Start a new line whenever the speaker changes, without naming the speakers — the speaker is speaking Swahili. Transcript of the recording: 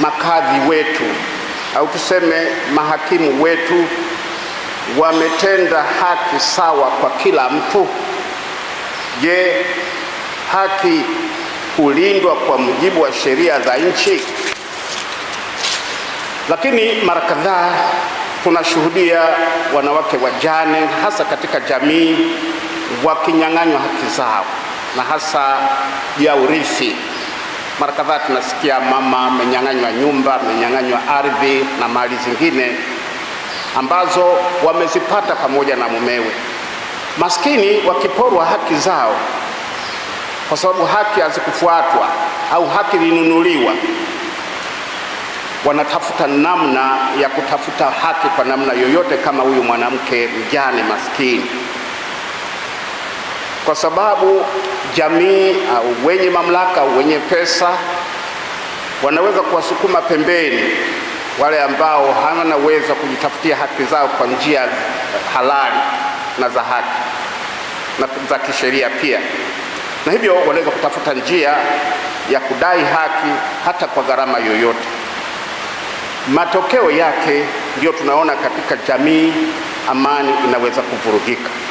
makadhi wetu au tuseme mahakimu wetu wametenda haki sawa kwa kila mtu? Je, haki kulindwa kwa mujibu wa sheria za nchi? Lakini mara kadhaa tunashuhudia wanawake wajane hasa katika jamii wakinyang'anywa haki zao na hasa ya urithi. Mara kadhaa tunasikia mama amenyang'anywa nyumba, amenyang'anywa ardhi na mali zingine ambazo wamezipata pamoja na mumewe. Maskini wakiporwa haki zao kwa sababu haki hazikufuatwa au haki ilinunuliwa, wanatafuta namna ya kutafuta haki kwa namna yoyote, kama huyu mwanamke mjane maskini, kwa sababu jamii au wenye mamlaka, wenye pesa wanaweza kuwasukuma pembeni wale ambao hawanaweza kujitafutia haki zao kwa njia halali na za haki na za kisheria pia, na hivyo wanaweza kutafuta njia ya kudai haki hata kwa gharama yoyote. Matokeo yake ndiyo tunaona katika jamii, amani inaweza kuvurugika.